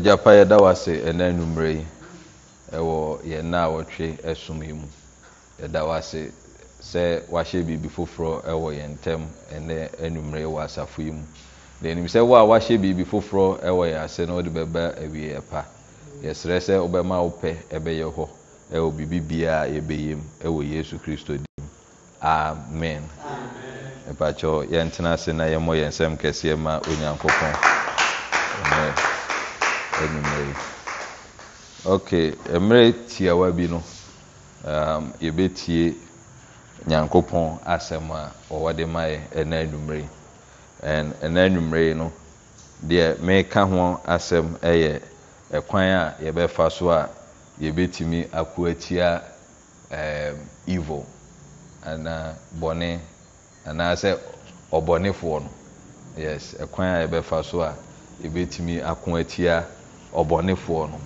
agyapa yɛda wase ɛna nummerɛ yi ɛwɔ yɛn na wɔtwe ɛsom yi mu yɛda wase sɛ wahyɛ biribi foforɔ ɛwɔ yɛn ntɛm ɛnɛ nummerɛ yi wɔ asafo yi mu na anim sɛ wo a wahyɛ biribi foforɔ ɛwɔ yɛn ase na wɔde bɛba awie ɛpa yɛsrɛ sɛ wobɛma wopɛ ɛbɛyɛ hɔ ɛwɔ biribi biara yɛbɛyɛ mu ɛwɔ yesu kristo dim amen ɛpakyɛw yɛntena ase na yɛmmɔ yɛn nsɛm kɛseɛ ma onyankopɔn amen anwummerɛ yi okay mmerɛ tiawa bi no um, yɛbɛtie nyankopɔn asɛm a ɔwɔ de ma yɛ ɛna anwummerɛ yi and ɛna anwummerɛ yi no deɛ meka ho asɛm ɛyɛ ɛkwan a yɛbɛfa so a yɛbɛtumi ako atia um, evil anaa bɔne anaasɛ ɔbɔnefoɔ no yes ɛkwan a yɛbɛfa so a yɛbɛtumi ako atia ɔbɔnefoɔ no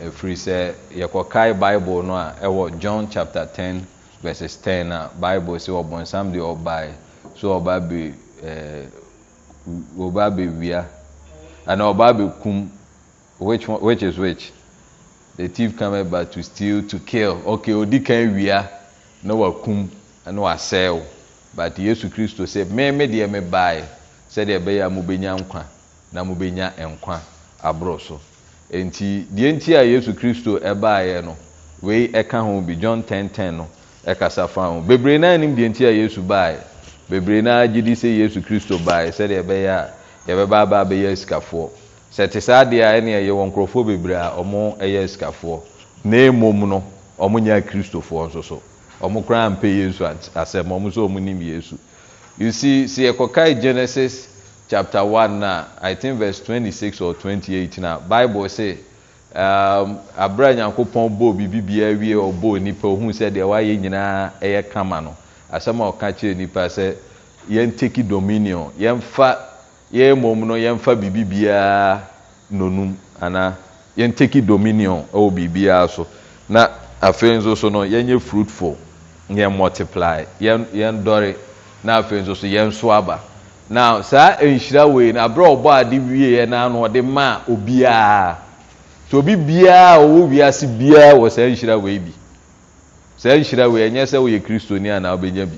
ɛfiri sɛ yɛkɔkae bible no a ɛwɔ john chapter ten, verses ten a bible sɛ ɔbɔnsam deɛ ɔbae so ɔba be ɔba bɛwia anaa ɔba kum, which which is which the thief cometh but to steal to kill okay odi kan wia na wakum na wasɛe wo but yesu kristo sɛ me me deɛ me bae sɛdeɛ ɛbɛyɛ a mobɛnya nkwa na mobɛnya nkwa aborɔ so nti deɛ nti a yesu kristo ɛbaeɛ no wei ɛka ho bi john 10:10 no ɛkasa fa ho bebree naa nim deɛ nti a yesu baeɛ bebree naa gye di sɛ yesu kristo baeɛ sɛdeɛ ɛbɛyɛ a yɛbɛba aba abɛyɛ asikafoɔ sɛ te saa deɛ a ɛne yɛwɔ nkurɔfoɔ bebree a ɔmo ɛyɛ asikafoɔ na emom no ɔmo nyɛ kristofoɔ nso so ɔmo koraa mpɛ yesu asɛm ɔmo nso ɔmo nim yesu you see sɛ yɛkɔkae genesis chapter one na i think verse twenty six or twenty eight na bible say um, aberɛ a nyankopɔn bɔɔ biribibiaa wie ɔbɔɔ nnipa ɔhuu sɛ deɛ wayɛ nyinaa ɛyɛ kama no asɛm a ɔka kyerɛ nnipa sɛ yɛnteki dominion yɛmfa yɛ mmom no yɛmfa biribibiaa nonum anaa yɛnteki dominion ɛwɔ biribiaa so na afei nso so no yɛnyɛ fruitful yɛn multiply yɛn dɔre na afei nso so yɛn so aba na saa nhyira wei na aberɛ ɔbɔ ade wieɛ naano ɔde maa obiara so obi biara ɔwɔ wiase biara wɔ saa nhyira wei bi saa nhyira wei ɛnyɛ sɛ woyɛ kristoni anaa ɔbɛnya bi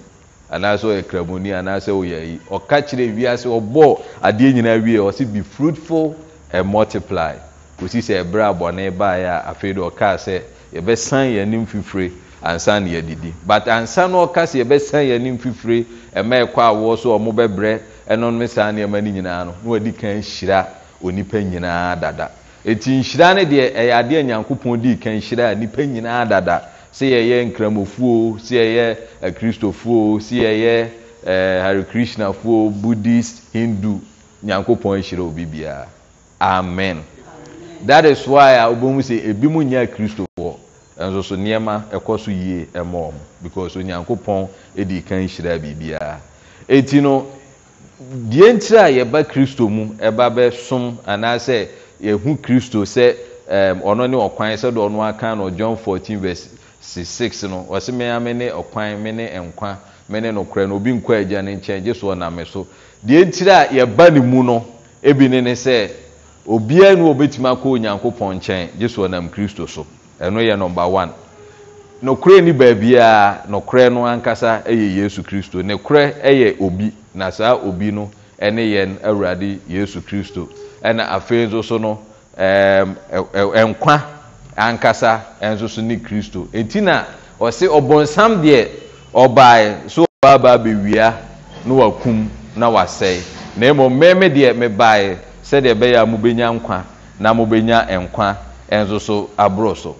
anaasɛ ɔyɛ kramoni anaasɛ ɔyɛ yi ɔka kyerɛ wiase ɔbɔ adeɛ nyinaa wie ɔsɛ be fruitful and multiply kɔsi sɛ ɛberɛ abɔne baeɛ a afei de ɔkaa sɛ yɛbɛsan yɛn anim fifire ansandidi ansa no ɔka se yɛbɛsane ynim fifiri maɛkɔ awo so ɔmo bɛbrɛ nonomsa neɔmano nyinaa no n wdii ka hyira ɔnipa nyinaa dada ɛti nhyira ne deɛ yɛade nyankopɔn dii ka hyira a nipa nyinaadada sɛ yɛyɛ nkramofuo ɛy acristofuo yɛy hyri chrisionafoɔ buddist hindu nyankopɔnahyirɛ ɔbbia en ais ɔbɛ sɛ bim nyɛ kristofoɔ nso so nneɛma ɛkɔ so yie ɛmɔ ɔmo because onyankopɔn edi kan hyira biribiara eti no deɛ ntiri a yɛba kristo mu ɛba bɛsom anaasɛ yɛhu kristo sɛ ɛɛm ɔno ne ɔkwan sɛ deɛ ɔno aka no John fourteen verse six no ɔsi mmea me ne ɔkwan me ne nkwa me ne nokora no obi nkɔ agya ne nkyɛn gye so ɔnam so deɛ ntiri a yɛba ne mu no ebi ne ne sɛ obiara no obetumi akɔ onyankopɔn nkyɛn gye so ɔnam kristo so. ɛno yɛ number one nokorɛ ni baabiaa nokorɛ no ankasa yɛ yesu kristo nokorɛ yɛ obi na saa obi no ne yɛn awurade yesu kristo ɛna afei nso so no nkwa ankasa nso so ne kristo ɛnti na ɔse ɔbɔnsam deɛ ɔbaa ɔbae ɔbaa ɔbaabaa bɛwia na wakum na wasɛe na mmom meme deɛ mebae sɛdeɛ ɛbɛyɛ a mobɛnya nkwa na mobɛnya nkwa nso so aborɔ so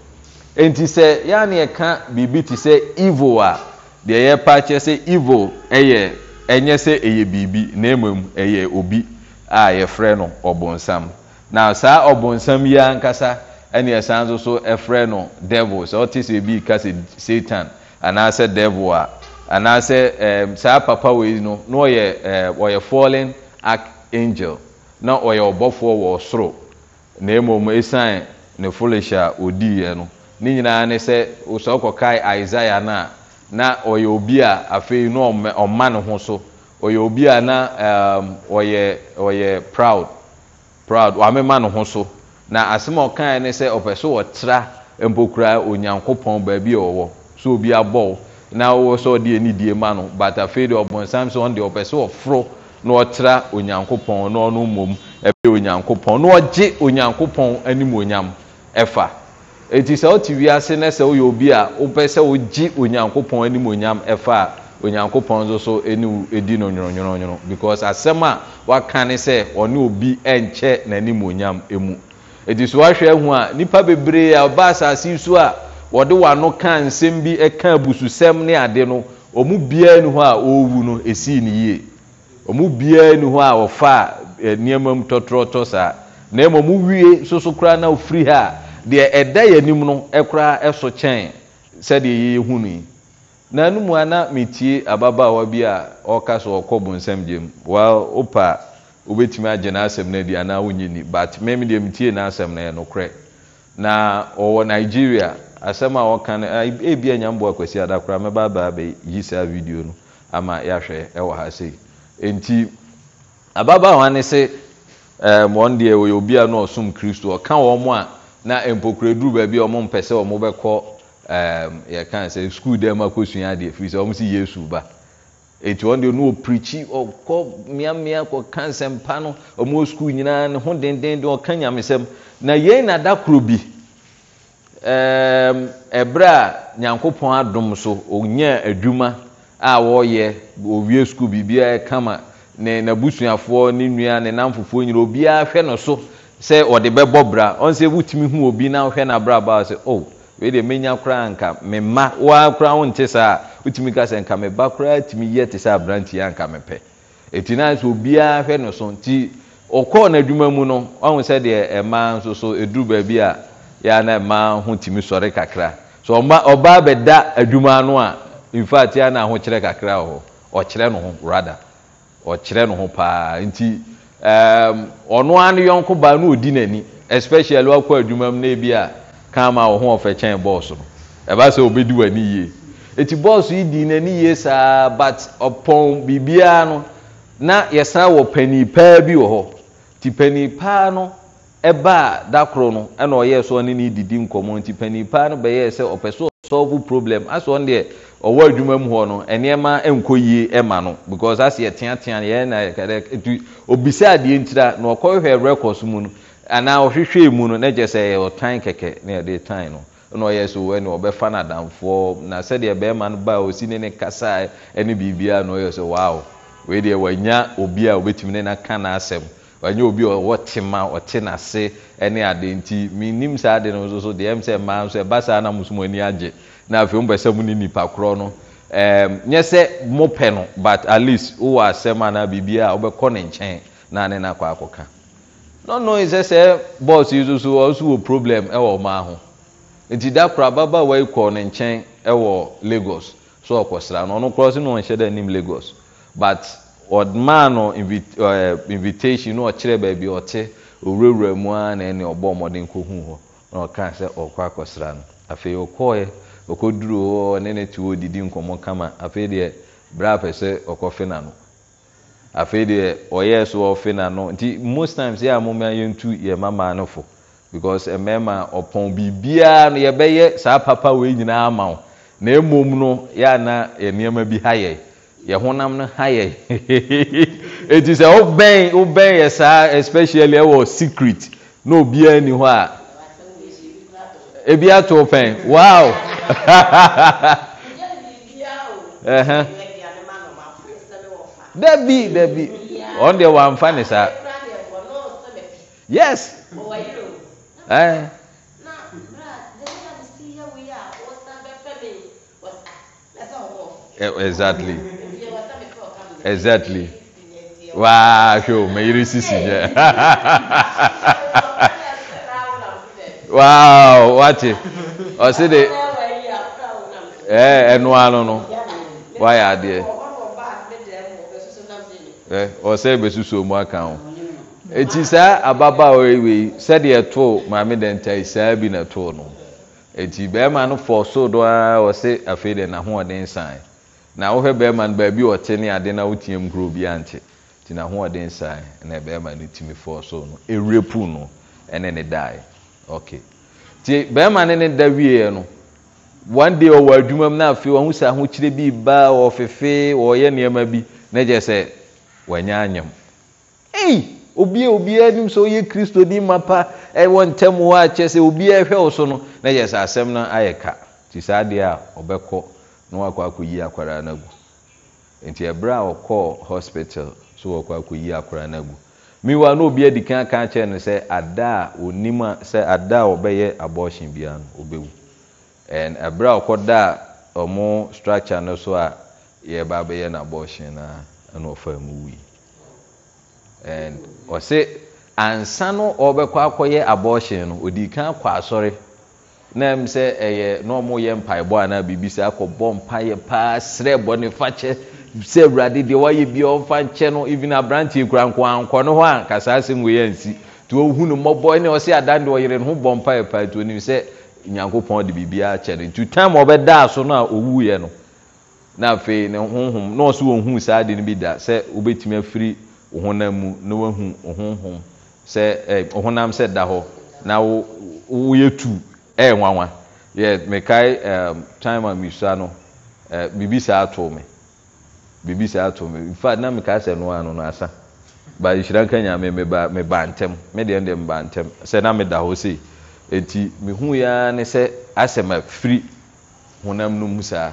nti sɛ yɛane ɛka biribi te sɛ evil a deɛ yɛpa kyerɛ sɛ evil yɛ ɛnyɛ sɛ ɛyɛ biribi na mmom ɛyɛ obi a yɛfrɛ no ɔbonsam na saa ɔbonsam yi ankasa ɛne ɛsan nso so ɛfrɛ no devil sɛ ɔte sɛ ebi ka sɛ satan anaasɛ devil a anaasɛ ɛɛm saa papa wei no na ɔyɛ ɛɛ ɔyɛ fallen archangel na ɔyɛ ɔbɔfoɔ wɔ soro na mmom esan ne foolish a odiiɛ no. ne nyinaa ne sɛ sɛ wokɔkae ka no na ɔyɛ obi a afei no ɔma ne ho so ɔyɛ obi a na ehm, ɔyɛ proud proud wamema ne ho so na asɛm a ɔkae ne sɛ ɔpɛ so ɔtra onyankopɔn baabi a ɔwɔ so obi abɔwo na wowɔ sɛ ɔde anidie ma no but afei ɔbɔnsam ɔn ɔpɛ ɔforo na ɔtra onyankopɔn na ɔno mmom onyankopɔn na ɔgye onyankopɔn ɛfa Eti sɛ wote wiase no sɛ woyɛ obi a wopɛ sɛ wogye onyankopɔn anim onyam ɛfa a onyankopɔn nso so ɛne ɛdi no nwononwononwono because asɛm a woaka ne sɛ ɔne obi ɛnkyɛ n'anim onyam ɛmu ɛti so woahwɛ ahu a nnipa bebree a ɔba asase yi so a wɔde w'ano ka nsɛm bi ɛka abususɛm ne ade no ɔmu biara ni hɔ a ɔrewu no ɛsii ne yie ɔmu biara ni hɔ a ɔfa eh, nneɛma mu tɔtrɔtɔ saa na mmom wie soso koraa na ofiri ha a deɛ ɛda yɛ anim no ɛkoraa ɛso kyɛn sɛdeɛ yɛyɛhu no yi nanomu a na metie ababaawa bi a ɔka so ɔkɔ bonsam gyem wopɛ a obetumi agye n'asɛm no adi anaa wonyini but meme deɛ metie n'asɛm no yɛ nokorɛ na ɔwɔ nigeria asɛm a ɔka no ebia nyambo akwasi adakora mɛbaabaa bɛyi saa video no ama yɛahwɛ ɛwɔ ha sei nti ababaawa ne se wɔn deɛ ɔyɛ obi a na ɔsom kristo ɔka wɔn a na mpokraduru baabi a ɔmo mpɛ sɛ ɔmo bɛkɔ ehm, yɛka sɛ sukuu dɛm mu akɔsua adeɛ firi sɛ ɔmo si yesu ba eti wɔn deɛ no ɔpirikyi ɔkɔ mmeammea kɔka nsɛmpa no ɔmo wɔ sukuu nyinaa ne ho dendenden ɔka nyamesɛm na yɛn na da bi ehm, ɛbrɛ a nyankopɔn adom so ɔnya adwuma a wɔyɛ ɔwie sukuu a kama ne n'abusuafoɔ ne ne obiara hwɛ no sɛ ɔde bɛbɔ bra ɔn sɛ wotumi hu obi na wohwɛ nabrabaa sɛ o oh, weideɛ menya kora nka me waa kora koraa wonte saa a wotumi ka sɛ nka meba koraa tumi yɛ te sɛ abrantiɛ anka mepɛ ɛti na sɛ obiara hwɛ no so nti ɔkɔɔ noadwuma mu no ɔhu sɛdeɛ ɔmaa e nso so ɛduru e baabi a yɛa na ɛma ho tumi sɔre kakra so ɔbaa bɛda adwuma no a infact ɛa na ahokyerɛ kakra wɔ hɔ ɔkyerɛ no ho rather ɔkyerɛ no ho paa nti ɔno ehm, anụ no yɔnko baa no ɔdi n'ani especially woakɔ adwuma mu no bi a ka ma wo ho ɔfɛkyɛn bɔɔso no ɔbɛ sɛ wobɛdi w'ani yie ɛti bɔɔso yi dii n'ani yie saa but ɔpɔn biribiara no na yɛsan wọ pani paa bi wɔ hɔ nti pani paa no ɛba a da koro no ɛna ɔyɛɛ sɛ ɔne ne didi nkɔmmɔ nti pani paa no bɛyɛɛ sɛ ɔpɛ sɛ ɔsɔlvo problem asɛ ɔn deɛ ɔwɔ adwuma mu hɔ no nnoɔma nkọ yie ma no because aseɛ etu ɔbisaa deɛ ntira na ɔkɔhwɛ records mu no anaa ɔhwehwɛe mu no na gye sɛ yɛwɔ tan kɛkɛ ne yɛde tan no na ɔyɛ sɛne ɔbɛfa no adamfoɔ na sɛdeɛ bɛma no baa ɔsi ne ne kasa ne biribiaa na ɔyɛ sɛ wow eideɛ wanya obi a wobɛtumi ne naka naasɛm ɔnyɛ obi ɔwɔ tema ɔte nase ne ade nti mennim saa de no nso so deɛ m sɛ mmaa so ɛba saa na musom ani agye na afei wopɛ sɛ mu no nipa korɔ no nyɛ sɛ mopɛ no but at least wowɔ asɛm anaa biribiaa wobɛkɔ ne nkyɛn na ne no akɔ akɔka nɔnoi sɛ sɛ bɔs yi so so ɔ so wɔ problem wɔ ɔmaa ho nti da kora baba wayi kɔɔ ne nkyɛn wɔ lagos so ɔkɔsra no ɔno korɔ so ne ɔnhyɛ da anim lagos but ɔmaa no invitation na ɔkyerɛ baabi ɔte ɔwurawura mu a na ɛne ɔbɔ mmɔden kɔhuu hɔ na ɔkaa sɛ ɔkɔ akɔsra no afei ɔkɔɔeɛ ɔkɔduru hɔ ne ne te hɔ didi nkɔmmɔ kama afei deɛ berɛ apɛ sɛ ɔkɔfe n'ano afei deɛ ɔyɛɛ so ɔfe n'ano nti most times yɛ a moma yɛntu yɛ mama no fo because mmarima ɔpɔn biribiara no yɛbɛyɛ saa papa wei nyinaa ama wo na emom no yɛ ana nneɛma bi ha yɛ yɛ honam no ha yɛ eti sɛ ɔbɛn ɔbɛn yɛ saa especially ɛwɔ secret na obiara ni hɔ a. ebiatoo pɛn wow da bi da bi ɔn deɛ wamfa ne saa yesexactly exactly whwo me yere sisinyɛ wow wate oh, ɔsi de ɛɛ eh, ɛnua no no wayɛ eh, oh, adeɛ ɛ ɔsɛ ebesusu omu aka ho eti saa ababaawa ewe sɛdeɛ ɛto maame dɛnta yi saa bi na ɛto no eti bɛrima no fɔ so do ara ɔsi afei deɛ n'ahoɔden san na wohɛ bɛrima no baabi ɔte ne ade na wotie mu kuro bi ante ti n'ahoɔden san na bɛrima no timi fɔ so no ewurepu no ɛne ne daeɛ. ok te bɛrima ne ne da wieɛ no one day ɔwɔ adwuma mu na afei wɔn sɛ ahokyere bi ba ɔfefe ɔyɛ nneɛma bi na gye sɛ wɔnyɛ anyam ei obi obi anim sɛ ɔyɛ kristo ni ma pa ɛwɔ ntɛm hɔ a kyɛ sɛ obi ɛhwɛ wo so no na gye sɛ asɛm no ayɛ ka nti saa deɛ a ɔbɛkɔ na wakɔ akɔyi akwadaa no agu nti ɛberɛ a ɔkɔɔ hospital so wɔkɔ akɔyi akwadaa no agu mewa na obi adi kan ka kyerɛ no sɛ ada a onim a sɛ ada a ɔbɛyɛ abɔɔhyen biara no ɔbɛwu and ɛberɛ a ɔkɔ da a ɔmo structure no so a yɛba abɛyɛ no abɔɔhyen no a ɛna ɔfa mu wui and ɔse ansa no ɔbɛkɔ akɔyɛ abɔɔhyen no ɔdi kan kɔ asɔre nam sɛ ɛyɛ na ɔmo yɛ mpaebɔ anaa biribi sɛ akɔbɔ mpayɛ paa srɛ bɔ ne fakyɛ sɛ awurade deɛ wayɛ bia ɔmfa nkyɛ no even aberanteɛ kura nkoankɔ no hɔ a nkasaa asɛm wei ansi nti ɔhu no mmɔbɔ ne ɔsɛ adan deɛ ɔyere no ho bɔ mpa ɛpa nti onim sɛ nyankopɔn de biribiara kyɛ no nti time ɔbɛdaa so no a ɔwuiɛ no na afei ne honhom na ɔso wɔnhu saa ade no bi da sɛ wobɛtumi afiri wo honam mu na wahu honhom sɛ honam sɛ da hɔ na woyɛ tu ɛyɛ nwanwa yɛ mekae time a misua no biribi saa too me biribi saa ato mu in fact na mika sɛ no ano no ba nhyira nka nyame meba meba ntɛm me deɛ deɛ meba ntɛm sɛ na meda hɔ sei eti mehu ya ne sɛ asɛm afiri honam no mu saa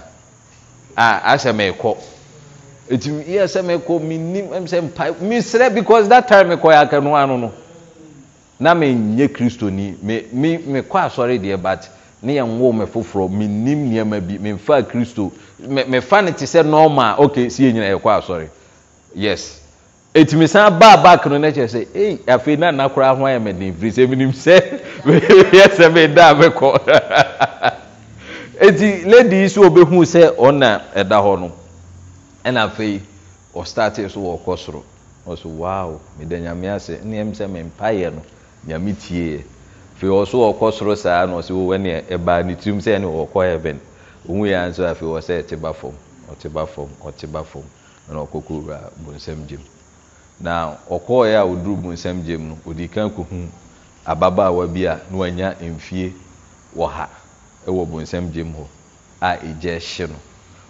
a asɛm ɛkɔ eti yɛ asɛm ɛkɔ menim ɛm sɛ mpa mesrɛ because that time mekɔ yɛ aka no ano no na menyɛ kristoni me me mekɔ asɔre deɛ but ne yɛn wo me foforɔ menim nneɛma bi memfa kristo mefa no te sɛ nɔɔma a ok si yɛ nyina yɛkɔ asɔre yes ɛtumi san baa back no no kyerɛ sɛ ei afei na nna koraa ho ayɛ mɛden firi sɛ menim sɛ yɛ sɛ meda a mɛkɔ ɛnti lady yi so wɔbɛhuu sɛ ɔna ɛda hɔ no ɛna afei ɔstartee so wɔɔkɔ soro ɔso wow meda nyame ase nneɛm sɛ mempayɛ no nyame tieeɛ afei wɔ so soro saa na ɔsɛ wɔwɔ ne ɛbaa ne tirim sɛ ɛne wɔkɔ heaven ohun yɛ nso afei wɔ sɛ ɛte ba fam ɔte ba fam ɔte ba fam ɛna ɔkɔ kuruwa bonsam gyem na ɔkɔɔ yɛ a ɔduru bonsam gyem no ɔdi kan ko hu ababaawa bi a na wanya mfie wɔ ha ɛwɔ bonsam gyem hɔ a egya ɛhye no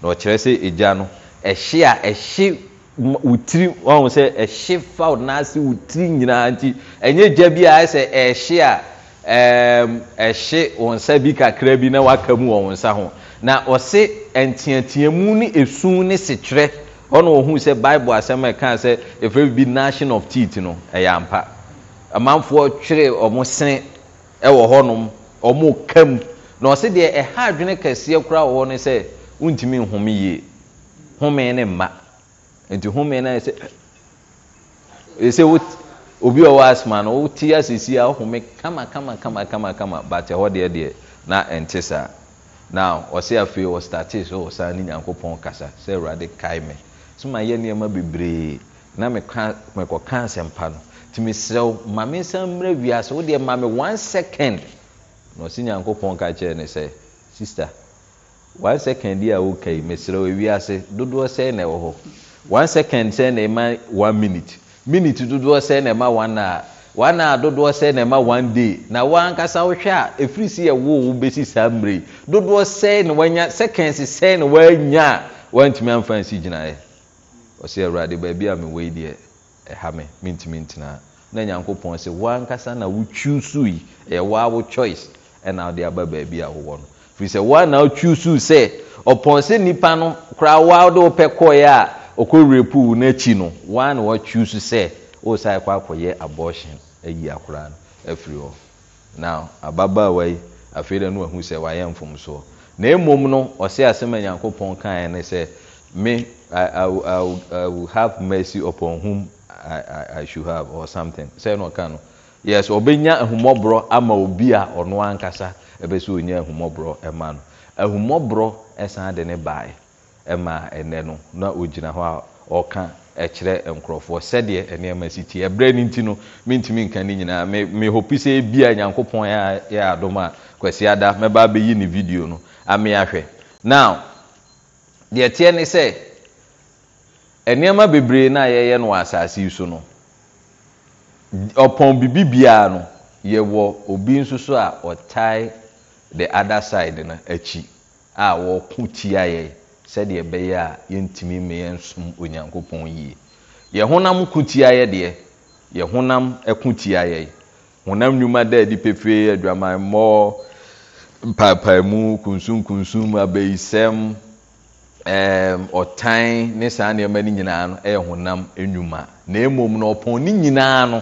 na ɔkyerɛ sɛ egya no ɛhye a ɛhye wotiri ɔhun sɛ ɛhye fa ɔnaase wotiri nyinaa nti ɛnyɛ gya bi a ɛsɛ ɛhye a. ɛhye wo nsa bi kakra bi na waka mu wɔ wo nsa ho na ɔse nteateamu ne ɛsum ne sekyerɛ ɔne ɔhuu sɛ bible asɛm ɛka sɛ efe bibi nation of teat no ɛyɛ ampa ɔmanfoɔ twere ɔmo sene wɔ hɔnom ɔmo kam na ɔse deɛ ɛha adwene kɛseɛ koraa wɔwɔ no sɛ ntumi nhome yie home ne mma nti home no ayɛ sɛ ɛsɛ obi ɔwɔ asma no kama kama kama kama kama deɛ eh, deɛ na ɛnte saa na ɔsɛ afei ɔstatee sɛ ɔ saa ne nyankopɔn kasa sɛ awurade kae me so mayɛ nnoɔma bebree na mekɔka asɛmpa no nti mesrɛ wo ma me nsa mmerɛ wiase wodeɛ ma me 1 second na ɔsɛ nyankopɔn ka kyerɛ no sɛ sister 1 second yi a wokai wiase dodoɔ ɛwɔ hɔ second minute minute dodoɔ sɛ na ɛma one hour one hour dodoɔ sɛ na ɛma one day na wankasa wohwɛ a efiri si ɛwo wo besi saa mmiri dodoɔ sɛ na wanya seconds sɛ na wanya a wantumi anfa nsi gyinaeɛ ɔsɛ awurade baabi a mi wei deɛ ɛha mi mintimi ntena na nyankopɔn sɛ wankasa na wotwi so yi ɛyɛ waa choice ɛna ɔde aba baabi a wowɔ no firi sɛ waa na wotwi so sɛ ɔpɔn sɛ nipa no koraa waa de wopɛ kɔɛ a ɔkɔwurɛ puu no akyi no waa na wɔatwiw so sɛ wor oh, sae kɔ akɔyɛ abortion," ayi akoraa no afiri hɔ no ababaa wayi afei da no wahu sɛ wayɛ mfomsoɔ na mmom no ɔse asɛm a nyankopɔn kaeɛ ne sɛ me will have mercy upon whom I, I, I should have or something sɛ na ɔka no yes ɔbɛnya ahumɔborɔ ama obi a ɔno ankasa ɛbɛ sɛ ɔnya ahumɔborɔ ɛma no ahumɔborɔ ɛsan de ne baeɛ ma ɛnɛ no na ɔgyina hɔ a ɔka ɛkyerɛ nkurɔfoɔ sɛdeɛ ɛnoɔma si tie ɛberɛ no nti no mentumi nka ne nyinaa mehopi sɛ bia nyankopɔn yɛ adom a kwasiada mɛbaa bɛyi ne video no ameahwɛ no deɛ teɛ ne sɛ ɛnoɔma bebree na a yɛyɛ no wɔ asase yi so no ɔpɔn biara no yɛwɔ obi nso so a ɔtae the other side no akyi a wɔko tia yɛ sɛdeɛ ɛbɛyɛ a yɛntumi ma yɛnsom onyankopɔn yie yɛ honam ko tia yɛ deɛ yɛ honam ko tia yɛ honam nnwuma da adi pefee adwamammɔ mpaapaemu kunsunkunsum abayisɛm ɛɛm ɔtan ne saa nneɛma no nyinaa no ɛyɛ honam nnwuma na mmom na ɔpɔn ne nyinaa no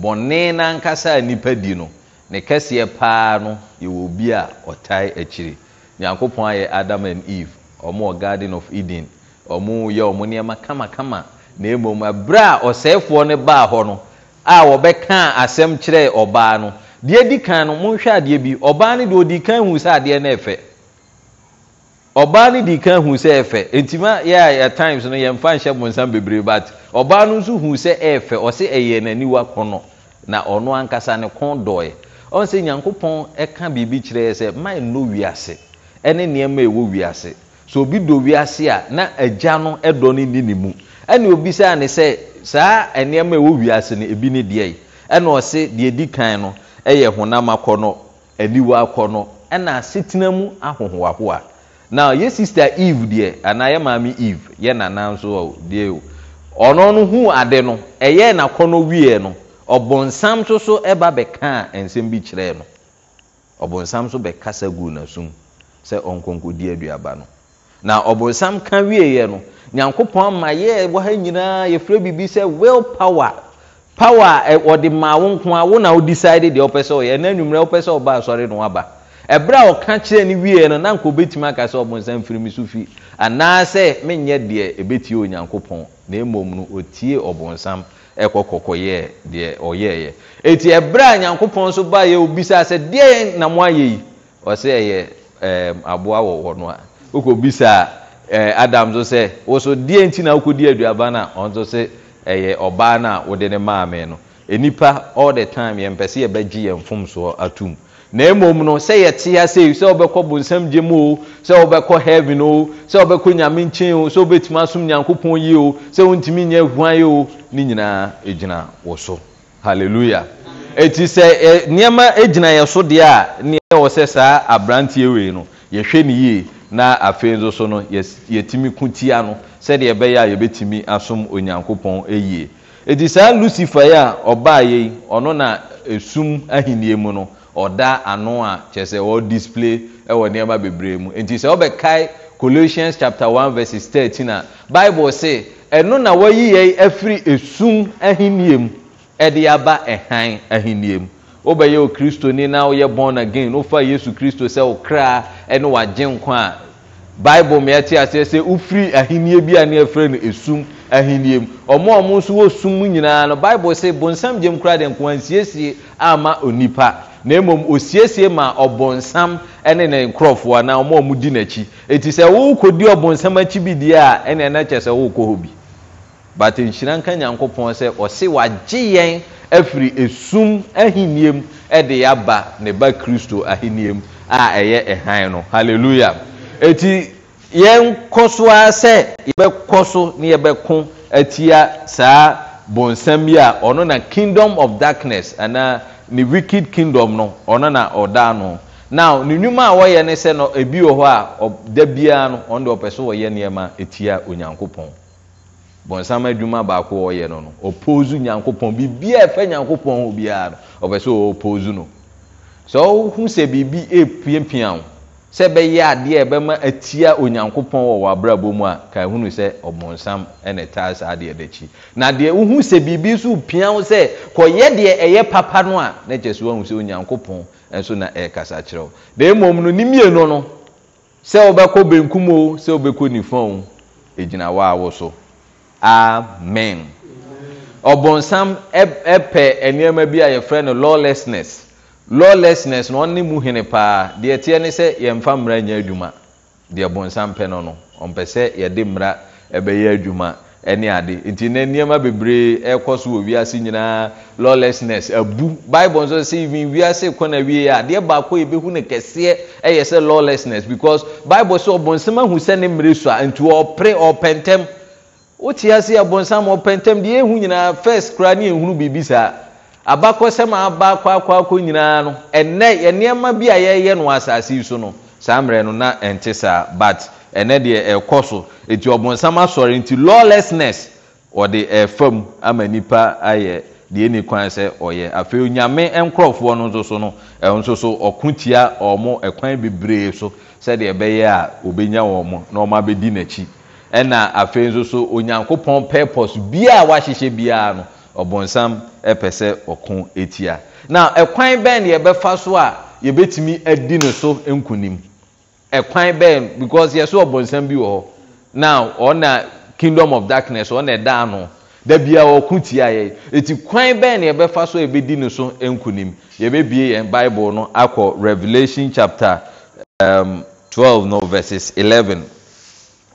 bɔnne nankasa a nipa di no ne kɛseɛ paa no yɛwɔ obi a ɔtae akyire nyankopɔn ayɛ adam and eve ɔmo garden of eden ɔmo yɛ ɔmo nneɛma kamakama na mmom ɛberɛ a ɔsɛefoɔ no baa hɔ no a wɔbɛkaa asɛm kyerɛɛ ɔbaa no deɛ di kan no adeɛ bi ɔbaa no deɛ kan sɛ adeɛ no ɛfɛ ɔbaa no kan sɛ ɛfɛ yɛ a times no yɛmfa nhyɛ mo nsam bebree but ɔbaa no nso sɛ na ɔno ankasa ne kɔn dɔɔɛ ɔn sɛ ma wiase ɛne nneɛma so obi dɔ wiase a na agya no dɔ ne ni ne mu ɛne obisaa ne sɛ saa nneɛma ɛwɔ wiase no ebi ne deɛi ɛne ɔse deɛ di kan no ɛyɛ honam akɔnnɔ aniwa akɔnnɔ ɛna asetena mu ahohoahoa na yɛ sista eve deɛ anaa yɛ maame eve yɛ nana nso deɛ ɔno no huu ade no ɛyɛɛ n'akɔnnɔ wie no ɔbonsam so so ba bɛkaa nsɛm bi kyerɛ. no ɔbonsam so bɛkasa guu n'asom sɛ ɔnkɔnkɔdi aduaba no na ɔbonsam ka wie ya no nyankopɔn ama yɛ wɔ ha nyinaa yɛfrɛ biribi sɛ will power power a ɔde maa wo nko a wo na wodecide deɛ wopɛ sɛ ɔyɛ ɛna nnwummerɛ wopɛ sɛ ɔba asɔre no woaba ɛberɛ a ɔka kyerɛɛ no wieeɛ no na nka ɔbɛtumi aka sɛ ɔbonsam firi me so fi anaasɛ menyɛ deɛ ɛbɛtie onyankopɔn na mmom no ɔtie ɔbonsam kɔkɔkɔyɛɛ deɛ ɔyɛeɛ ɛnti ɛberɛ a nyankopɔn so baa yɛ obisa sɛ deɛ na mo ayɛ yi ɔsɛ ɛyɛ aboa wɔ hɔ no a wokɔbisaa adam so sɛ wo so nti na wokɔdi aduaba no a ɔnso se ɛyɛ ɔbaa no a ne maame no ɛnipa all the time yɛmpɛ sɛ yɛbɛgye yɛ mfomsoɔ atom na mmom no sɛ yɛtea sei sɛ wobɛkɔ bonsam gye mu o sɛ wobɛkɔ heaven o sɛ wobɛkɔ nyame nkyɛn o sɛ wobɛtumi asom nyankopɔn yi o sɛ wontumi nyɛ hwan o ne nyinaa ɛgyina wo so halleluya ɛti sɛ nneɛma gyina yɛ so deɛ a neɛ wɔ saa aberanteɛ wei no yɛhwɛ ne yie na afei nso so no yɛtumi ko tia no sɛdeɛ ɛbɛyɛ a yɛbɛtumi asom onyankopɔn yie ɛti saa lucifer yi a ɔbaayɛi ɔno na ɛsum ahenniɛ mu no ɔda ano a kyɛr sɛ ɔ display wɔ nnoɔma bebree mu ɛnti sɛ wobɛkae colossians chapter one verse 13 a bible se ɛno na wɔayi yɛi afiri ɛsum ahenniɛ mu ɛde aba ɛhan ahenniɛ mu wobɛyɛ wo kristoni na woyɛ bɔn again wofa yesu kristo sɛ wo kraa ne wagye nkwa a bible meɛte aseɛ sɛ wofiri ahenniɛ bi a ne ɛfrɛ no ɛsum ahenniɛm ɔmo ɔmo nso wɔsum mu nyinaa no bible se bonsam gyem koraa de nkoa nsiesie ama onipa na mmom ɔsiesie ma ɔbonsam ne ne nkurɔfoɔ anaa ɔmo ɔmo di n'akyi ɛti sɛ worekɔdi ɔbonsam akyi bi deɛ a ɛne ɛna kyɛ sɛ worekɔ hɔ bi but nhyira nka nyankopɔn sɛ ɔse wagye yɛn afiri esum mu ɛde y'aba ne ba kristo mu a ɛyɛ ɛhan no halleluya ɛti yɛnkɔ so ara sɛ yɛbɛkɔ so ne yɛbɛko atia saa bonsam yi a ɔno na kingdom of darkness anaa ne wicked kingdom no ɔno na ɔda no now ne nnwuma a wɔyɛ ne sɛ no ebi wɔ hɔ a da biara no ɔno deɛ ɔpɛ so wɔyɛ nneɛma ɛtia onyankopɔn bɔnsam adwuma baako ɔyɛ no no ɔpoozu nyankopɔn biribia ɛfɛ nyankopɔn hɔ biara no ɔpɛ sɛ ɔpoozu no sɛ ɔhu sɛ biribi epiapia wo sɛ bɛyɛ adeɛ ɛbɛma atia onyankopɔn wɔ w'abrabɔ mu a ka hunu sɛ ɔbɔnsam ɛna taa saa adeɛ n'akyi na deɛ wohu sɛ biribi nso pia wo sɛ kɔyɛ deɛ ɛyɛ papa no a na kyɛ so wahu sɛ onyankopɔn nso na ɛrekasa kyerɛ na mmom no ne mmienu no sɛ wobɛkɔ benkum o sɛ wobɛkɔ amen ɔbɔnsam ɛpɛ nneɛma bi a yɛfrɛ no lawlessness lawlessness na ɔne mu hene paa deɛ teɛ ne sɛ yɛmfa mmara nyɛ adwuma deɛ bɔnsam pɛ no no ɔmpɛ sɛ yɛde mmara ɛbɛyɛ adwuma ɛne ade nti na nneɛma bebree ɛkɔ so wɔ wiase nyinaa lawlessness abu bible nso sɛ even wiase kɔ na wie a adeɛ baako yɛ bɛhu ne kɛseɛ ɛyɛ sɛ lawlessness because bible sɛ ɔbɔnsam ahu sɛ ne mmere so a nti ɔpere ɔpɛ wote ase abonsam ɔpɛ ntam deɛ ehu nyinaa first koraa ne ehunu biribi saa abakɔsɛm aba akɔ akɔ akɔ nyinaa no ɛnɛ nneɛma bi a yɛyɛ no asaase yi so no saa mmerɛ no na ɛnte saa but ɛnɛ deɛ ɛkɔ so eti ɔbɔnsam asɔre nti lawlessness ɔde ɛfam ama nipa ayɛ deɛ ni kwan sɛ ɔyɛ afei onyame nkorɔfoɔ no nso so no ɛno nso so ɔko tia ɔmo ɛkwan bebree so sɛdeɛ ɛbɛyɛ a obenya wɔn na ɔmo abedi n'akyi. ɛna afei nso so onyankopɔn purpose biaa wahyehyɛ bia no ɔbɔnsam ɛpɛ sɛ ɔko tia na ɛkwan bɛn na yɛbɛfa so a yɛbɛtumi adi no so nkonim ɛkwan bɛn because yɛ so ɔbɔnsam bi wɔ hɔ na ɔna kingdom of darkness ɔna ɛda no da biaa ɔko tia yɛ eti kwan bɛn na yɛbɛfa so a yɛbɛdi no so nkonim yɛbɛbie yɛn bible no akɔ revelation chapter 12 um, no verses 11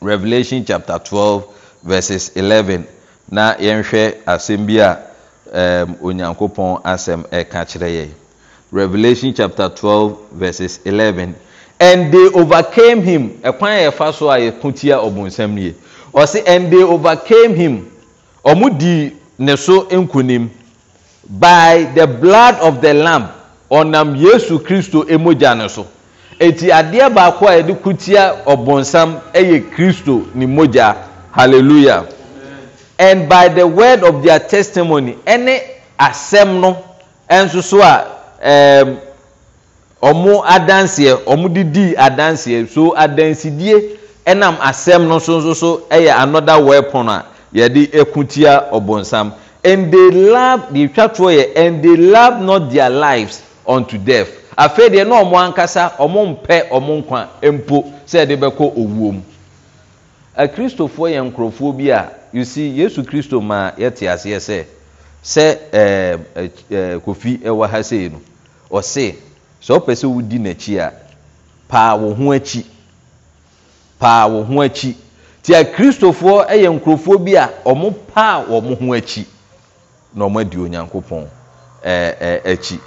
revelation chapter 12 verses 11 na yɛnhwɛ asɛm bi a um, onyankopɔn asɛm ɛka kyerɛ yɛ revelation chapter 12 verses 11 and they overcame him ɛkwan a yɛfa so a yɛko tia ɔbonsam nie ɔse and they overcame him ɔmo di ne so nkonim by the blood of the lamb ɔnam yesu kristo mogya ne so eti adeɛ baako a yɛde kutia ɔbɔnsam yɛ kristo ne mogya hallelujah and by the word of their testimony ɛne asɛm no nso so a ɛɛm ɔmo adanseɛ ɔmo de dii adanseɛ so adansidie ɛnam asɛm no so nso so ɛyɛ another weapon a yɛde ekutia ɔbɔnsam and they love the twatoɔ yɛ and they love not their lives unto death afei deɛ na ɔmo ankasa ɔmo mpɛ ɔmo nkwa mpo sɛ ɛde bɛkɔ owuo mu akristofoɔ yɛ nkurɔfoɔ bi a you see yesu kristo maa yɛte aseɛ sɛ sɛ ɛɛ eh, ɛɛ eh, eh, kofi ɛwɔ ha sei no ɔse sɛ ɔpɛ sɛ wodi n'akyi a paa wo ho akyi paa wo ho akyi te akristofoɔ yɛ nkurɔfoɔ bi a ɔmo paa wɔn ho akyi na ɔmo adi onyankopɔn ɛɛ ɛɛ akyi.